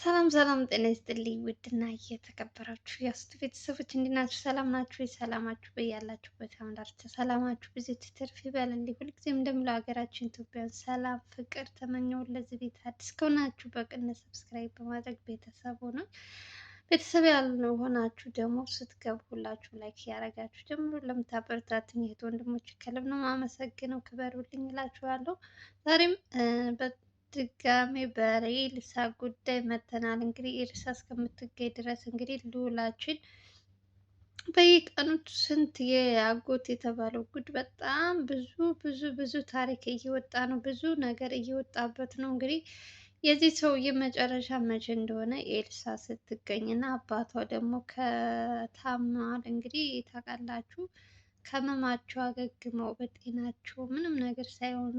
ሰላም ሰላም፣ ጤና ይስጥልኝ ውድና እየተከበራችሁ የአስቱ ቤተሰቦች እንዴት ናችሁ? ሰላም ናችሁ? ሰላማችሁ በያላችሁበት አምላክ ሰላማችሁ ብዙ ትርፍ ይበል። እንዲህ ሁልጊዜም እንደምለው ሀገራችን ኢትዮጵያን ሰላም፣ ፍቅር ተመኘው። ለዚህ ቤት አዲስ ከሆናችሁ በቅነ ሰብስክራይብ በማድረግ ቤተሰብ ሆነ ቤተሰብ ያልነው ሆናችሁ ደግሞ ስትገቡ ሁላችሁ ላይክ ያደረጋችሁ ጀምሮ ለምታበረታቱኝ እህት ወንድሞች ከልብ ነው የማመሰግነው። ክበሩልኝ እላችኋለሁ ዛሬም ድጋሜ በሬልሳ ጉዳይ መተናል። እንግዲህ ኤልሳ እስከምትገኝ ድረስ እንግዲህ ልላችን በየቀኑ ስንት የአጎት የተባለው ጉድ በጣም ብዙ ብዙ ብዙ ታሪክ እየወጣ ነው። ብዙ ነገር እየወጣበት ነው። እንግዲህ የዚህ ሰውዬ መጨረሻ መቼ እንደሆነ ኤልሳ ስትገኝ እና አባቷ ደግሞ ከታማል እንግዲህ ታውቃላችሁ፣ ከመማቸው አገግመው በጤናቸው ምንም ነገር ሳይሆኑ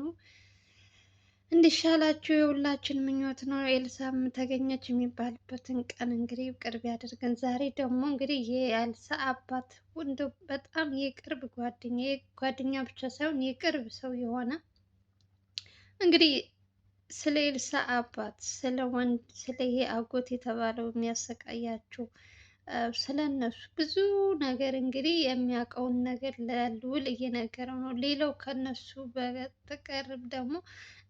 እንዲሻላችሁ የሁላችን ምኞት ነው። ኤልሳም ተገኘች የሚባልበትን ቀን እንግዲህ ቅርብ ያደርገን። ዛሬ ደግሞ እንግዲህ የኤልሳ አባት ወንዶ በጣም የቅርብ ጓደኛ ጓደኛ ብቻ ሳይሆን የቅርብ ሰው የሆነ እንግዲህ ስለ ኤልሳ አባት ስለ ወንድ ስለ ይሄ አጎት የተባለው የሚያሰቃያቸው ስለ እነሱ ብዙ ነገር እንግዲህ የሚያውቀውን ነገር ለልውል እየነገረው ነው። ሌላው ከነሱ በተቀርብ ደግሞ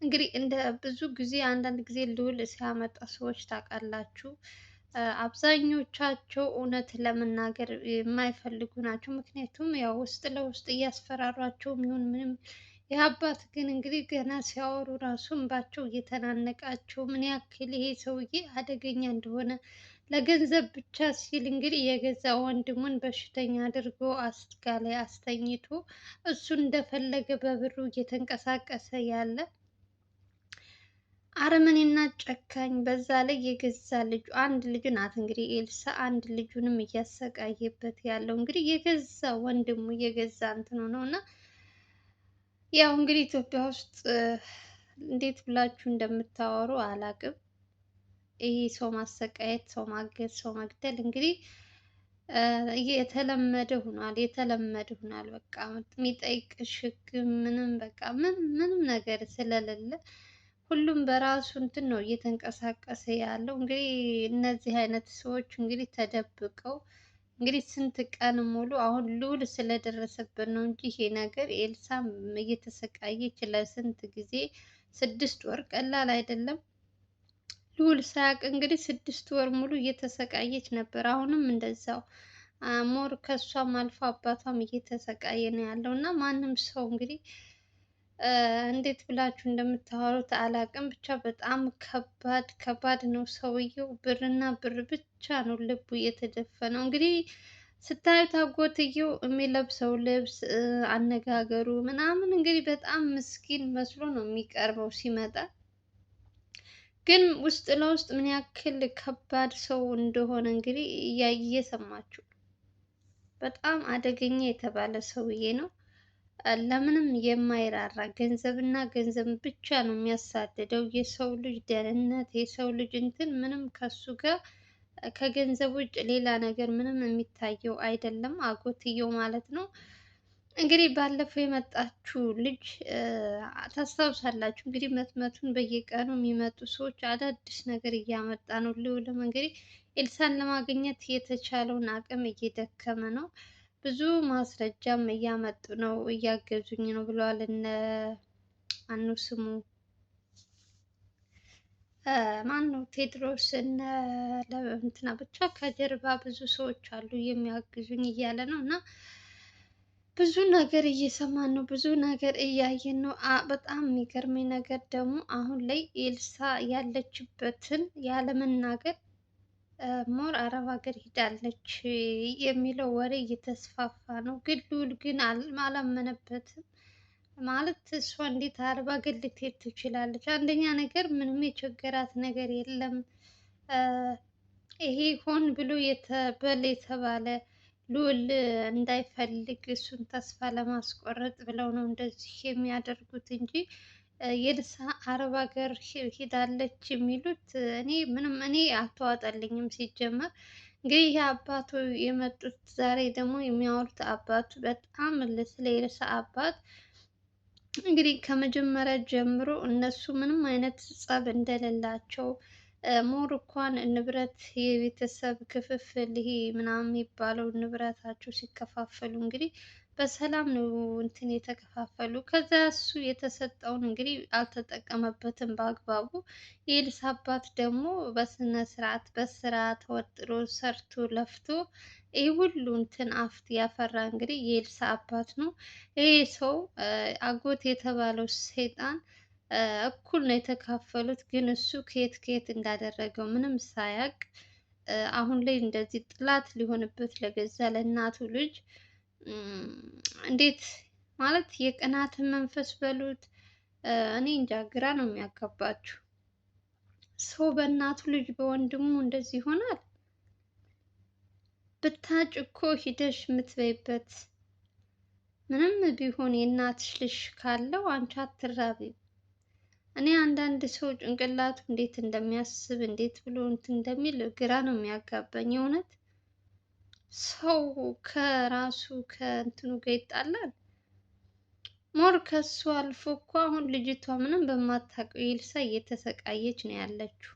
እንግዲህ እንደ ብዙ ጊዜ አንዳንድ ጊዜ ልዑል ሲያመጣ ሰዎች ታውቃላችሁ፣ አብዛኞቻቸው እውነት ለመናገር የማይፈልጉ ናቸው። ምክንያቱም ያው ውስጥ ለውስጥ እያስፈራሯቸው የሚሆን ምንም የአባት ግን እንግዲህ ገና ሲያወሩ ራሱ እንባቸው እየተናነቃቸው ምን ያክል ይሄ ሰውዬ አደገኛ እንደሆነ ለገንዘብ ብቻ ሲል እንግዲህ የገዛ ወንድሙን በሽተኛ አድርጎ አስጋ ላይ አስተኝቶ እሱ እንደፈለገ በብሩ እየተንቀሳቀሰ ያለ አረመኔና ጨካኝ። በዛ ላይ የገዛ ልጁ አንድ ልጁ ናት እንግዲህ ኤልሳ አንድ ልጁንም እያሰቃየበት ያለው እንግዲህ የገዛ ወንድሙ የገዛ እንትኑ ነው እና ያው እንግዲህ ኢትዮጵያ ውስጥ እንዴት ብላችሁ እንደምታወሩ አላቅም። ይህ ሰው ማሰቃየት፣ ሰው ማገዝ፣ ሰው መግደል እንግዲህ የተለመደ ሆኗል። የተለመደ ሆኗል። በቃ የሚጠይቅሽ ሕግ ምንም በቃ ምንም ነገር ስለሌለ ሁሉም በራሱ እንትን ነው እየተንቀሳቀሰ ያለው። እንግዲህ እነዚህ አይነት ሰዎች እንግዲህ ተደብቀው እንግዲህ ስንት ቀን ሙሉ አሁን ልዑል ስለደረሰበት ነው እንጂ ይሄ ነገር ኤልሳም እየተሰቃየች ለስንት ጊዜ ስድስት ወር ቀላል አይደለም። ልዑል ሳያውቅ እንግዲህ ስድስት ወር ሙሉ እየተሰቃየች ነበር። አሁንም እንደዛው ሞር ከሷም አልፎ አባቷም እየተሰቃየ ነው ያለው እና ማንም ሰው እንግዲህ እንዴት ብላችሁ እንደምታወሩት አላቅም። ብቻ በጣም ከባድ ከባድ ነው። ሰውየው ብርና ብር ብቻ ነው ልቡ እየተደፈነው። እንግዲህ ስታዩት አጎትየው የሚለብሰው ልብስ፣ አነጋገሩ ምናምን እንግዲህ በጣም ምስኪን መስሎ ነው የሚቀርበው ሲመጣ። ግን ውስጥ ለውስጥ ምን ያክል ከባድ ሰው እንደሆነ እንግዲህ እያየ ሰማችሁ። በጣም አደገኛ የተባለ ሰውዬ ነው። ለምንም የማይራራ ገንዘብና ገንዘብ ብቻ ነው የሚያሳድደው። የሰው ልጅ ደህንነት፣ የሰው ልጅ እንትን ምንም ከሱ ጋር ከገንዘብ ውጭ ሌላ ነገር ምንም የሚታየው አይደለም። አጎትየው ማለት ነው። እንግዲህ ባለፈው የመጣችው ልጅ ታስታውሳላችሁ። እንግዲህ መትመቱን በየቀኑ የሚመጡ ሰዎች አዳዲስ ነገር እያመጣ ነው። ልዑልም እንግዲህ ኤልሳን ለማግኘት የተቻለውን አቅም እየደከመ ነው። ብዙ ማስረጃም እያመጡ ነው፣ እያገዙኝ ነው ብለዋል እነ አኑ ስሙ ነው ቴድሮስ እነ እንትና ብቻ ከጀርባ ብዙ ሰዎች አሉ የሚያግዙኝ እያለ ነው እና ብዙ ነገር እየሰማን ነው። ብዙ ነገር እያየን ነው። በጣም የሚገርመኝ ነገር ደግሞ አሁን ላይ ኤልሳ ያለችበትን ያለመናገር ሞር አረብ ሀገር ሂዳለች የሚለው ወሬ እየተስፋፋ ነው። ግን ልዑል ግን አላመነበትም። ማለት እሷ እንዴት አረብ ሀገር ልትሄድ ትችላለች? አንደኛ ነገር ምንም የቸገራት ነገር የለም። ይሄ ሆን ብሎ የተበል የተባለ ልዑል እንዳይፈልግ እሱን ተስፋ ለማስቆረጥ ብለው ነው እንደዚህ የሚያደርጉት እንጂ የልሳ አረብ ሀገር ሂዳለች የሚሉት እኔ ምንም እኔ አልተዋጠልኝም። ሲጀመር እንግዲህ አባቱ የመጡት ዛሬ ደግሞ የሚያወሩት አባቱ በጣም ስለ የልሳ አባት እንግዲህ ከመጀመሪያ ጀምሮ እነሱ ምንም አይነት ጸብ እንደሌላቸው ሞር እንኳን ንብረት የቤተሰብ ክፍፍል ይሄ ምናምን የሚባለው ንብረታቸው ሲከፋፈሉ እንግዲህ በሰላም ነው እንትን የተከፋፈሉ። ከዛ እሱ የተሰጠውን እንግዲህ አልተጠቀመበትም በአግባቡ። የኤልሳ አባት ደግሞ በስነ ስርዓት በስራ ተወጥሮ ሰርቶ ለፍቶ ይህ ሁሉ እንትን አፍት ያፈራ እንግዲህ የኤልሳ አባት ነው። ይሄ ሰው አጎት የተባለው ሰይጣን እኩል ነው የተካፈሉት። ግን እሱ ከየት ከየት እንዳደረገው ምንም ሳያቅ አሁን ላይ እንደዚህ ጥላት ሊሆንበት ለገዛ ለእናቱ ልጅ እንዴት ማለት የቅናትን መንፈስ በሉት እኔ እንጃ ግራ ነው የሚያጋባችሁ። ሰው በእናቱ ልጅ በወንድሙ እንደዚህ ይሆናል። ብታጭ እኮ ሂደሽ የምትበይበት ምንም ቢሆን የእናትሽ ልጅ ካለው አንቺ አትራቢም። እኔ አንዳንድ ሰው ጭንቅላቱ እንዴት እንደሚያስብ እንዴት ብሎ እንትን እንደሚል ግራ ነው የሚያጋባኝ እውነት ሰው ከራሱ ከእንትኑ ጋር ይጣላል። ሞር ከሱ አልፎ እኮ አሁን ልጅቷ ምንም በማታውቀው ኤልሳ እየተሰቃየች ነው ያለችው።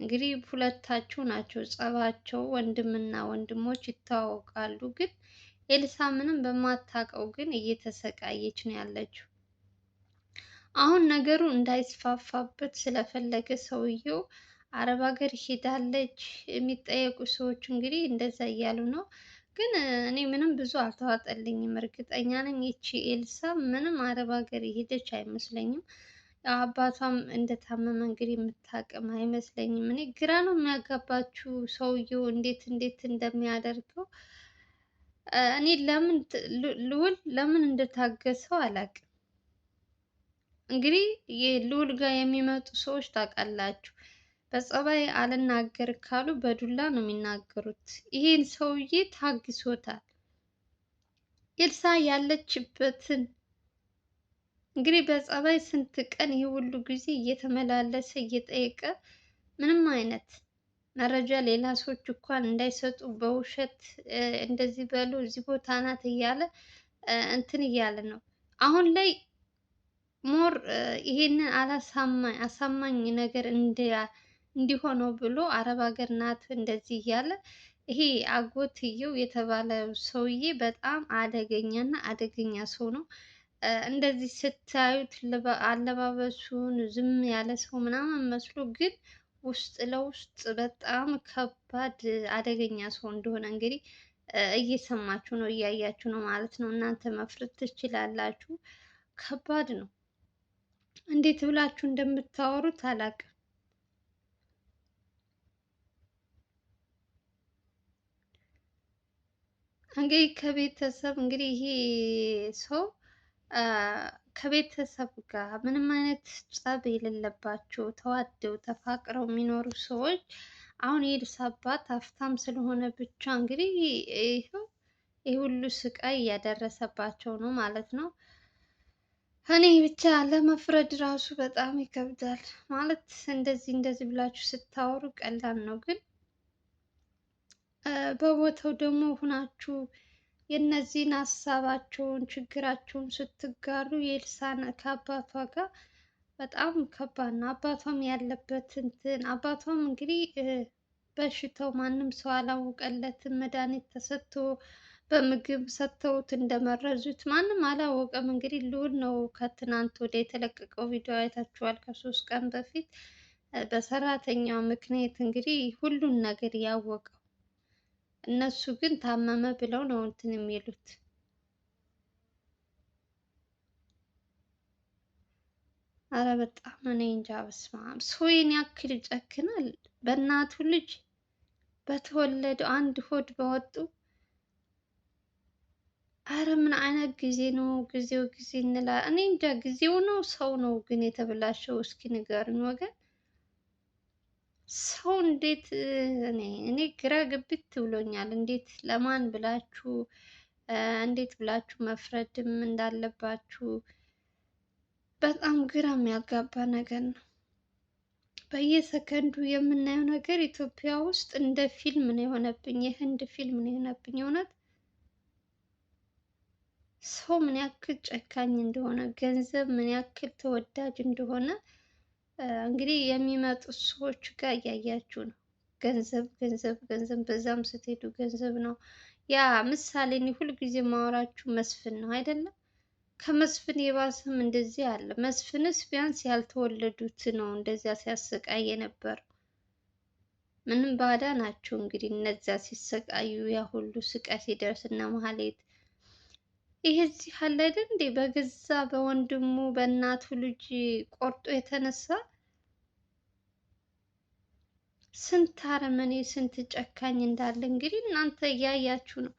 እንግዲህ ሁለታቸው ናቸው ጸባቸው፣ ወንድምና ወንድሞች ይተዋወቃሉ። ግን ኤልሳ ምንም በማታውቀው ግን እየተሰቃየች ነው ያለችው። አሁን ነገሩ እንዳይስፋፋበት ስለፈለገ ሰውየው አረብ ሀገር ሄዳለች የሚጠየቁ ሰዎች እንግዲህ እንደዛ እያሉ ነው። ግን እኔ ምንም ብዙ አልተዋጠልኝም። እርግጠኛ ነኝ ይቺ ኤልሳ ምንም አረብ ሀገር የሄደች አይመስለኝም። አባቷም እንደታመመ እንግዲህ የምታቅም አይመስለኝም። እኔ ግራ ነው የሚያጋባችሁ ሰውየው እንዴት እንዴት እንደሚያደርገው እኔ ለምን ልውል ለምን እንደታገሰው አላቅም። እንግዲህ ልዑል ጋር የሚመጡ ሰዎች ታውቃላችሁ በጸባይ አልናገር ካሉ በዱላ ነው የሚናገሩት። ይሄን ሰውዬ ታግሶታል። ኤልሳ ያለችበትን እንግዲህ በጸባይ ስንት ቀን ይህ ሁሉ ጊዜ እየተመላለሰ እየጠየቀ ምንም አይነት መረጃ ሌላ ሰዎች እንኳን እንዳይሰጡ በውሸት እንደዚህ በሉ እዚህ ቦታ ናት እያለ እንትን እያለ ነው። አሁን ላይ ሞር ይሄንን አላሳማኝ አሳማኝ ነገር እንዲያ እንዲሆነው ብሎ አረብ ሀገር ናት እንደዚህ እያለ ይሄ አጎትየው የተባለ ሰውዬ በጣም አደገኛ እና አደገኛ ሰው ነው። እንደዚህ ስታዩት አለባበሱን ዝም ያለ ሰው ምናምን መስሎ ግን ውስጥ ለውስጥ በጣም ከባድ አደገኛ ሰው እንደሆነ እንግዲህ እየሰማችሁ ነው፣ እያያችሁ ነው ማለት ነው። እናንተ መፍረድ ትችላላችሁ። ከባድ ነው። እንዴት ብላችሁ እንደምታወሩት አላውቅም። እንግዲህ ከቤተሰብ እንግዲህ ይሄ ሰው ከቤተሰብ ጋር ምንም አይነት ጸብ የሌለባቸው ተዋደው ተፋቅረው የሚኖሩ ሰዎች አሁን የኤልሳ አባት ሀብታም ስለሆነ ብቻ እንግዲህ ይኸው ይህ ሁሉ ስቃይ እያደረሰባቸው ነው ማለት ነው። እኔ ብቻ ለመፍረድ ራሱ በጣም ይከብዳል ማለት እንደዚህ እንደዚህ ብላችሁ ስታወሩ ቀላል ነው ግን በቦታው ደግሞ ሁናችሁ የእነዚህን ሀሳባቸውን ችግራቸውን ስትጋሩ የልሳን ከአባቷ ጋር በጣም ከባድ ነው። አባቷም ያለበት እንትን አባቷም እንግዲህ በሽታው ማንም ሰው አላወቀለትም። መድኃኒት ተሰጥቶ በምግብ ሰጥተውት እንደመረዙት ማንም አላወቀም። እንግዲህ ልዑል ነው ከትናንት ወደ የተለቀቀው ቪዲዮ አይታችኋል። ከሶስት ቀን በፊት በሰራተኛው ምክንያት እንግዲህ ሁሉን ነገር ያወቀ እነሱ ግን ታመመ ብለው ነው እንትን የሚሉት። አረ በጣም እኔ እንጃ። በስመ አብ ያክል ይጨክናል? በእናቱ ልጅ በተወለደው አንድ ሆድ በወጡ። አረ ምን አይነት ጊዜ ነው? ጊዜው ጊዜ እንላለን። እኔ እንጃ ጊዜው ነው ሰው ነው ግን የተበላሸው? እስኪ ንገሩኝ ወገን። ሰው እንዴት እኔ እኔ ግራ ግብት ብሎኛል። እንዴት ለማን ብላችሁ እንዴት ብላችሁ መፍረድም እንዳለባችሁ በጣም ግራ የሚያጋባ ነገር ነው። በየሰከንዱ የምናየው ነገር ኢትዮጵያ ውስጥ እንደ ፊልም ነው የሆነብኝ፣ የህንድ ፊልም ነው የሆነብኝ። እውነት ሰው ምን ያክል ጨካኝ እንደሆነ፣ ገንዘብ ምን ያክል ተወዳጅ እንደሆነ እንግዲህ የሚመጡ ሰዎች ጋር እያያችሁ ነው። ገንዘብ ገንዘብ ገንዘብ፣ በዛም ስትሄዱ ገንዘብ ነው። ያ ምሳሌ እኔ ሁልጊዜ ማወራችሁ መስፍን ነው አይደለም? ከመስፍን የባሰም እንደዚህ አለ። መስፍንስ ቢያንስ ያልተወለዱት ነው እንደዚያ ሲያሰቃይ የነበረው። ምንም ባዳ ናቸው እንግዲህ እነዚያ ሲሰቃዩ ያ ሁሉ ስቃይ ሲደርስ እና መሀሌት ይሄ እዚህ አለ አይደል እንዴ? በገዛ በወንድሙ በእናቱ ልጅ ቆርጦ የተነሳ ስንት አረመኔ ስንት ጨካኝ እንዳለ እንግዲህ እናንተ እያያችሁ ነው።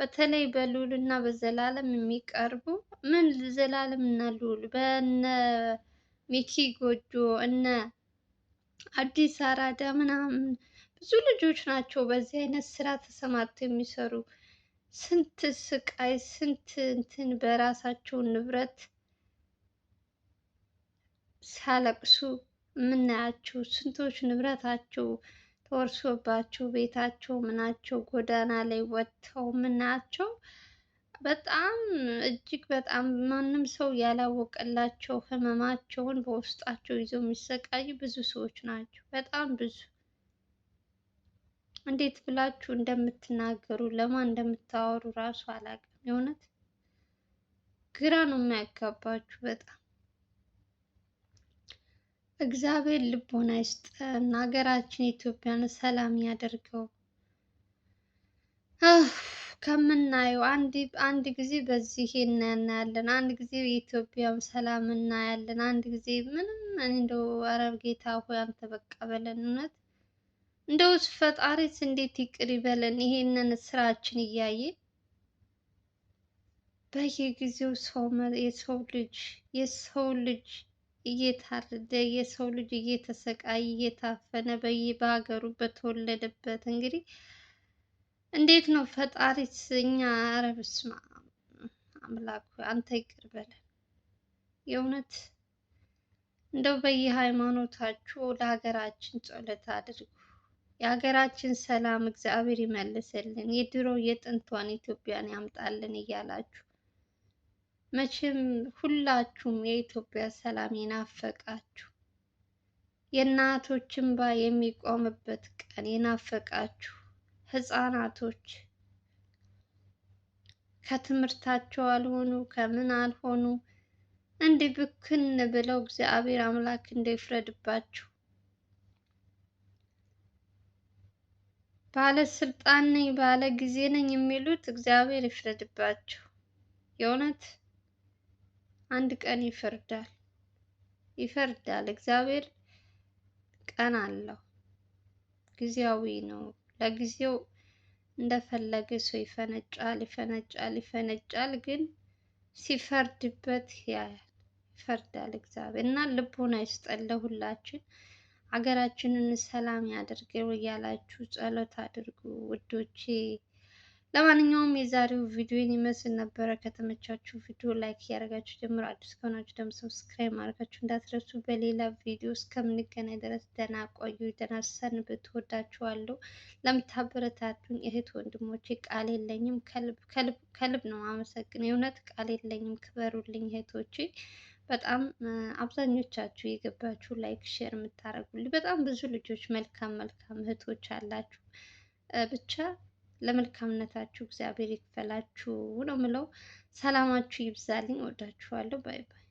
በተለይ በልዑል እና በዘላለም የሚቀርቡ ምን ዘላለም እና ልዑል በነ ሚኪ ጎጆ እነ አዲስ አራዳ ምናምን ብዙ ልጆች ናቸው በዚህ አይነት ስራ ተሰማርተው የሚሰሩ ስንት ስቃይ ስንት እንትን በራሳቸው ንብረት ሲያለቅሱ የምናያቸው ስንቶች ንብረታቸው ተወርሶባቸው ቤታቸው ምናቸው ጎዳና ላይ ወጥተው ምናያቸው በጣም እጅግ በጣም ማንም ሰው ያላወቀላቸው ህመማቸውን በውስጣቸው ይዘው የሚሰቃዩ ብዙ ሰዎች ናቸው። በጣም ብዙ እንዴት ብላችሁ እንደምትናገሩ ለማን እንደምታወሩ ራሱ አላውቅም። የእውነት ግራ ነው የሚያጋባችሁ በጣም እግዚአብሔር ልቦና ይስጠን። ሀገራችን ኢትዮጵያን ሰላም ያደርገው። ከምናየው አንድ ጊዜ በዚህ እናያለን፣ አንድ ጊዜ የኢትዮጵያን ሰላም እናያለን፣ አንድ ጊዜ ምንም እንደው አረብ ጌታ ሆይ አንተ በቃ በለን እውነት እንደውስ ፈጣሪስ እንዴት ይቅር ይበለን ይሄንን ስራችን እያየ በየጊዜው ሰው የሰው ልጅ የሰው ልጅ እየታረደ የሰው ልጅ እየተሰቃየ እየታፈነ በሀገሩ በተወለደበት እንግዲህ እንዴት ነው ፈጣሪስ እኛ ኧረ በስመ አብ አምላክ አንተ ይቅር በለን የእውነት እንደው በየሃይማኖታችሁ ለሀገራችን ጸሎት አድርጉ የሀገራችን ሰላም እግዚአብሔር ይመልስልን፣ የድሮ የጥንቷን ኢትዮጵያን ያምጣልን እያላችሁ መቼም ሁላችሁም የኢትዮጵያ ሰላም ይናፈቃችሁ፣ የእናቶች እንባ የሚቆምበት ቀን ይናፈቃችሁ። ህፃናቶች ከትምህርታቸው አልሆኑ ከምን አልሆኑ እንዲህ ብክን ብለው እግዚአብሔር አምላክ እንዳይፍረድባችሁ ባለስልጣን ነኝ ባለ ጊዜ ነኝ የሚሉት እግዚአብሔር ይፍረድባቸው። የእውነት አንድ ቀን ይፈርዳል ይፈርዳል። እግዚአብሔር ቀን አለው። ጊዜያዊ ነው። ለጊዜው እንደፈለገ ሰው ይፈነጫል ይፈነጫል ይፈነጫል፣ ግን ሲፈርድበት ያያል። ይፈርዳል እግዚአብሔር እና ልቡን አይስጠን ለሁላችን። ሀገራችንን ሰላም ያደርገው እያላችሁ ጸሎት አድርጉ ውዶቼ። ለማንኛውም የዛሬው ቪዲዮን ይመስል ነበረ። ከተመቻችሁ ቪዲዮ ላይክ እያደረጋችሁ ጀምሮ አዲስ ከሆናችሁ ደግሞ ሰብስክራይብ ማድረጋችሁ እንዳትረሱ። በሌላ ቪዲዮ እስከምንገናኝ ድረስ ደህና ቆዩ፣ ደህና ሰንብቱ። ወዳችኋለሁ። ለምታበረታቱኝ እህት ወንድሞቼ ቃል የለኝም፣ ከልብ ነው አመሰግን። የእውነት ቃል የለኝም። ክበሩልኝ እህቶቼ። በጣም አብዛኞቻችሁ የገባችሁ ላይክ ሼር የምታደርጉልኝ በጣም ብዙ ልጆች መልካም መልካም እህቶች አላችሁ። ብቻ ለመልካምነታችሁ እግዚአብሔር ይክፈላችሁ ነው ምለው። ሰላማችሁ ይብዛልኝ። ወዳችኋለሁ። ባይ ባይ።